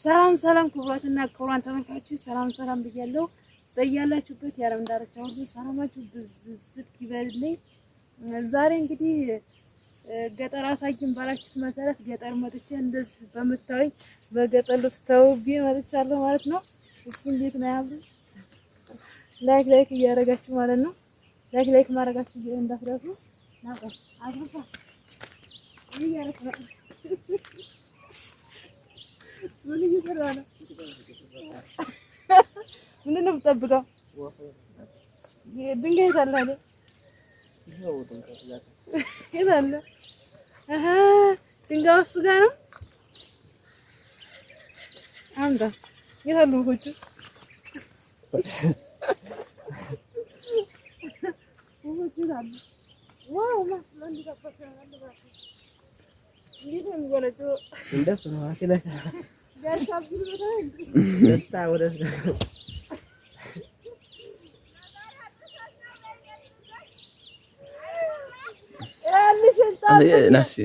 ሰላም ሰላም ክቡራትና ክቡራን ተመልካች ሰላም ሰላም ብያለሁ። በያላችሁበት የዓለም ዳርቻ ሁሉ ሰላማችሁ ብዝዝት ይበልልኝ። ዛሬ እንግዲህ ገጠር አሳይን ባላችሁት መሰረት ገጠር መጥቼ እንደዚህ በምታዩኝ በገጠር ልብስ ተውቤ መጥቻለሁ ማለት ነው። እስኪ እንዴት ነው ያሉ ላይክ ላይክ እያደረጋችሁ ማለት ነው። ላይክ ላይክ ማድረጋችሁ ቢሆን እንዳትረሱ ናቀ አዝሩፋ ይያረክ ምን እየሰራ ነው? ምንድን ነው የምትጠብቀው? ድንጋይ የት አለ አይደል? አሀ ድንጋዩ እሱ ጋር ነው። አምጣ። የት አሉ ወፎቹ? ወፎቹ የት አሉ? ዋው እንደሱ ነው። ደስታ ወደ እነዛ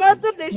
መጡልሽ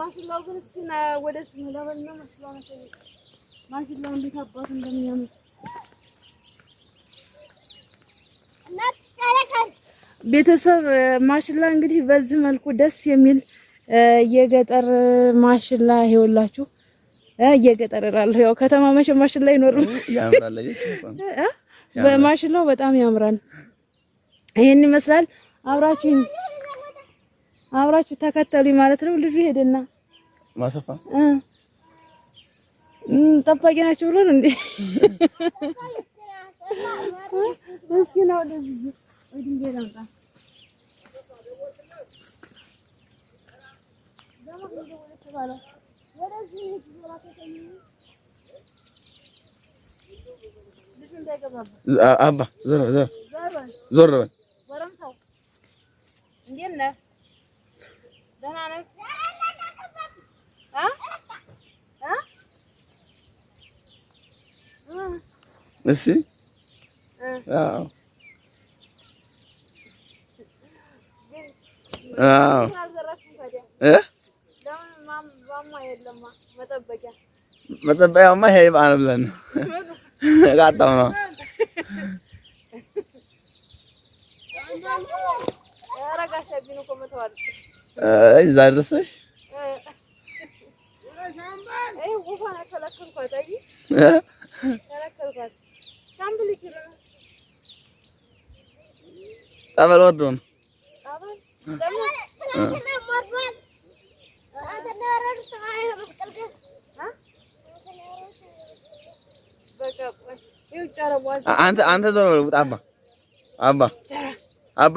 ማሽላው ግን እስኪ ወደ ስሙ ነው። ቤተሰብ ማሽላ እንግዲህ በዚህ መልኩ ደስ የሚል የገጠር ማሽላ ይኸውላችሁ። የገጠር እላለሁ ያው ከተማ መቼ ማሽላ አይኖርም። ማሽላው በጣም ያምራል። ይሄን ይመስላል። አብራችሁ አብራችሁ ተከተሉኝ ማለት ነው። ልጁ ሄደና ማሰፋ ጠባቂ ናቸው ብሎ ነው እንዴ? እስኪ ነው አባ ዞር ዞር ዞር በል እንዴት ነህ? ደህና ነህ? እስኪ አዎ አዎ እ መጠበቂያማ ይሄ በዓል ብለን ነው ቃጣሁ ነው እዛ ደርሰሽ ጠበል ወርዶ ነው። አንተ ዶሮ አባ አባ አባ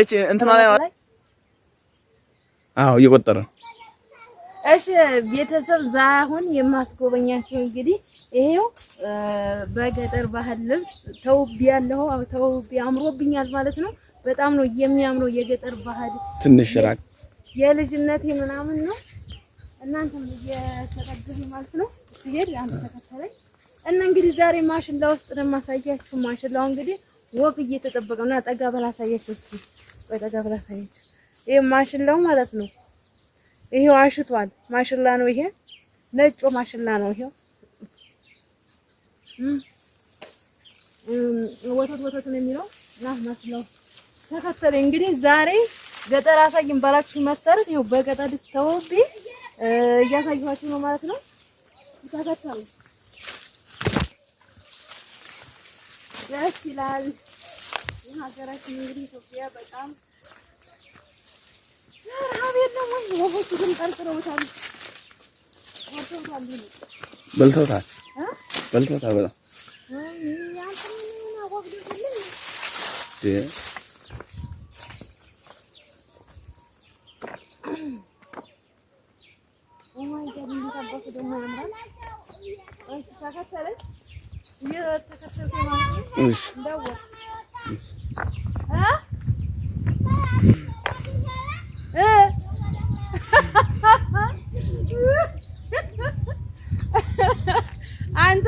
እቺ እንትና ላይ አዎ እየቆጠረ እሺ ቤተሰብ ዛሁን የማስጎበኛቸው እንግዲህ ይሄው በገጠር ባህል ልብስ ተውቤያለሁ። ተውቤ አምሮብኛል ማለት ነው። በጣም ነው የሚያምረው የገጠር ባህል ትንሽ ራቅ የልጅነቴ ምናምን ነው። እናንተም እየተጠግዙ ማለት ነው። ሲሄድ አንተ ተከተለኝ እና እንግዲህ ዛሬ ማሽላ ውስጥ ነው የማሳያችሁ። ማሽላው እንግዲህ ወፍ እየተጠበቀ ነው። ጠጋ ብላ አሳያቸው እስኪ፣ ቆይ ጠጋ ብላ አሳያቸው። ይሄ ማሽላው ማለት ነው። ይሄው አሽቷል። ማሽላ ነው ይሄ፣ ነጮ ማሽላ ነው ይሄው። ወተት ወተት ነው የሚለው ና ማሽላው ተከተለ። እንግዲህ ዛሬ ገጠር አሳይን ባላችሁ መሰረት ይሄው በገጠር ስተውብ እያሳየኋችሁ ነው ማለት ነው። ተከተሉ ደስ ይላል። የሀገራችን እንግዲህ ኢትዮጵያ በጣም ረሀብ የለም ወይ? ወፎቹ ግን ጠርጥረውታል፣ ወጥተውታል፣ በልተውታል፣ በልተውታል። በጣም ደግሞ ያምራል ተከተለች አንተ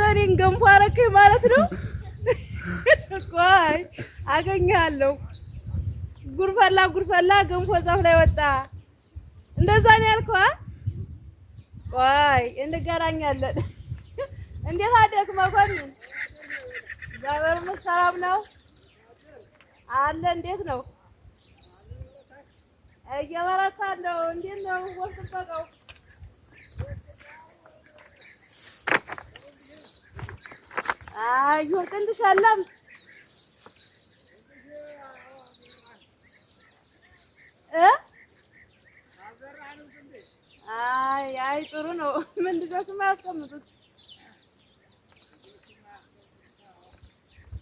እኔን ገንፎ አደረከኝ ማለት ነው። ቆይ አገኘሃለሁ። ጉርፈላ ጉርፈላ ገንፎ ዛፍ ላይ ወጣ። እንደዛ ነው ያልከው? ቆይ እንገናኛለን። እንዴት መኮንን እግዚአብሔር ይመስገን ሰላም ነው አለ። እንዴት ነው? እየበረታ ነው። እንዴት ነው ወፍ ጥበቃው? አዩ ትንሽ አለም እ አይ አይ ጥሩ ነው። ምን ልጆችም አያስቀምጡት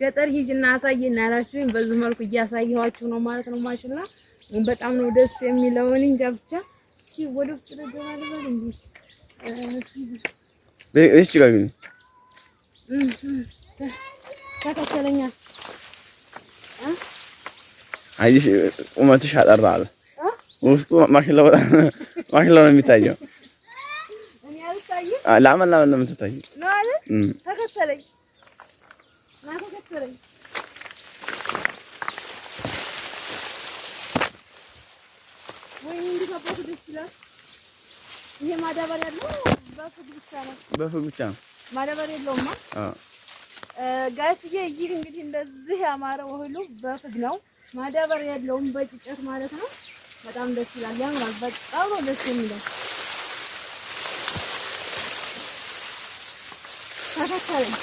ገጠር ሂጅ ሂጅና አሳይና ያላችሁኝ በዚህ መልኩ እያሳየኋችሁ ነው ማለት ነው። ማሽላ በጣም ነው ደስ የሚለውን እንጃ ብቻ እስኪ ወደ ውስጥ ነገር አለ እንዴ እሺ ጋር ግን ተከተለኛ አይሽ ቁመትሽ አጠራ አለ ውስጡ ማሽላ በጣም ማሽላ ነው የሚታየው። ላመን ላመን ነው የምትታየው። ተከተለኝ ይሄ ማዳበር ያለው በፍግ ብቻ ነው። በፍግ ብቻ ነው። ማዳበሪያ የለውማ። ጋስዬ ይህ እንግዲህ እንደዚህ ያማረው ሁሉ በፍግ ነው። ማዳበር ያለውም በጭጨት ማለት ነው። በጣም ደስ ይላል፣ ያምራል። በጣም ነው ደስ የሚለው። ተከተለኝ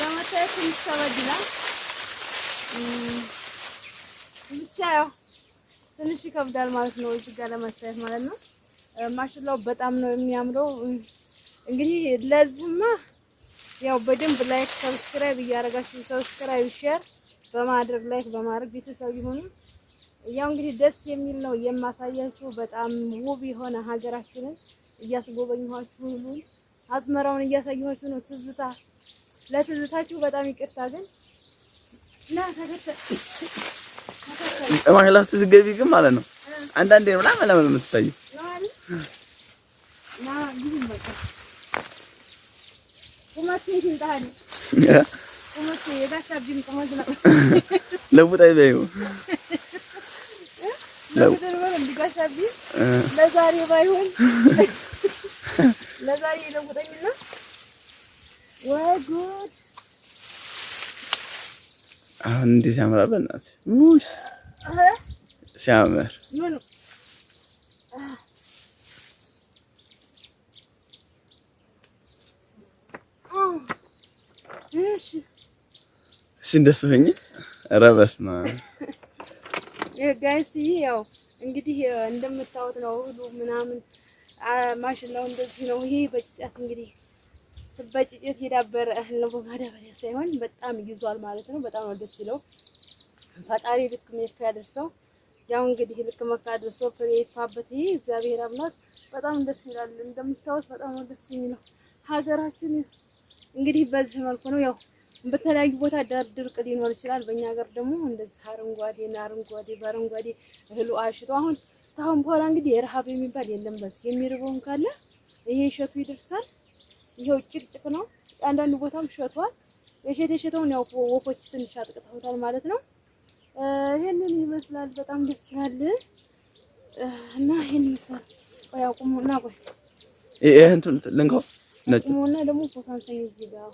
ለመታየት ትንሽ ከበድ ይላል። ብቻ ያው ትንሽ ይከብዳል ማለት ነው፣ እዚህ ጋር ለመታየት ማለት ነው። ማሽላው በጣም ነው የሚያምረው። እንግዲህ ለዚህማ ያው በደንብ ላይክ፣ ሰብስክራይብ እያደረጋችሁ ሰብስክራይብ፣ ሼር በማድረግ ላይክ በማድረግ ቤተሰብ ይሆኑ። ያው እንግዲህ ደስ የሚል ነው የማሳያችሁ። በጣም ውብ የሆነ ሀገራችንን እያስጎበኘኋችሁ ሁሉን አስመራውን እያሳየኋችሁ ነው። ትዝታ ለትዝታችሁ በጣም ይቅርታ ግን እና ተከተ ስትገቢ ግን ማለት ነው አንዳንዴ ነው ላመ ላመ የምትታዩ ለውጣይ በይው ለዛሬ ባይሆን ለዛሬ የለውጠኝና ወይ ጉድ! አሁን እንዴት ያምራል! በእናትህ ውይ ሲያምር እንደሱ ሆኜ ኧረ በስመ አብ ጋይስ ያው እንግዲህ እንደምታዩት ነው። እህሉ ምናምን ማሽላው እንደዚህ ነው። ይሄ በጭጨት እንግዲህ በጭጨት የዳበረ እህል ነው። በማዳበሪያ ሳይሆን በጣም ይዟል ማለት ነው። በጣም ነው ደስ ይለው። ፈጣሪ ልክ መካ ያደርሰው። ያው እንግዲህ ልክ መካ ያደርሰው። ፍሬ የተፋበት ይሄ እግዚአብሔር አምላክ በጣም ደስ ይላል። እንደምታዩት በጣም ነው ደስ የሚለው። ሀገራችን እንግዲህ በዚህ መልኩ ነው ያው በተለያዩ ቦታ ዳር ድርቅ ሊኖር ይችላል። በእኛ ሀገር ደግሞ እንደዚህ አረንጓዴና አረንጓዴ በአረንጓዴ እህሉ አሽቶ አሁን ታሁን በኋላ እንግዲህ የረሃብ የሚባል የለም። በዚህ የሚርበውን ካለ ይሄ እሸቱ ይደርሳል። ይሄው ጭቅጭቅ ነው። አንዳንድ ቦታም ሸቷል። የሸት የሸተውን ያው ወፎች ትንሽ አጥቅተውታል ማለት ነው። ይህንን ይመስላል። በጣም ደስ ይላል እና ይህን ይመስላል። ቆይ አቁሙና ቆይ ይሄን ልንከው ነጭ ደግሞ ፎሳንሰኝ አንሰኝ እዚህ ጋር